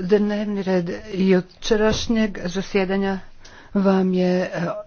Dnevni red jučerašnjeg zasjedanja vam je e,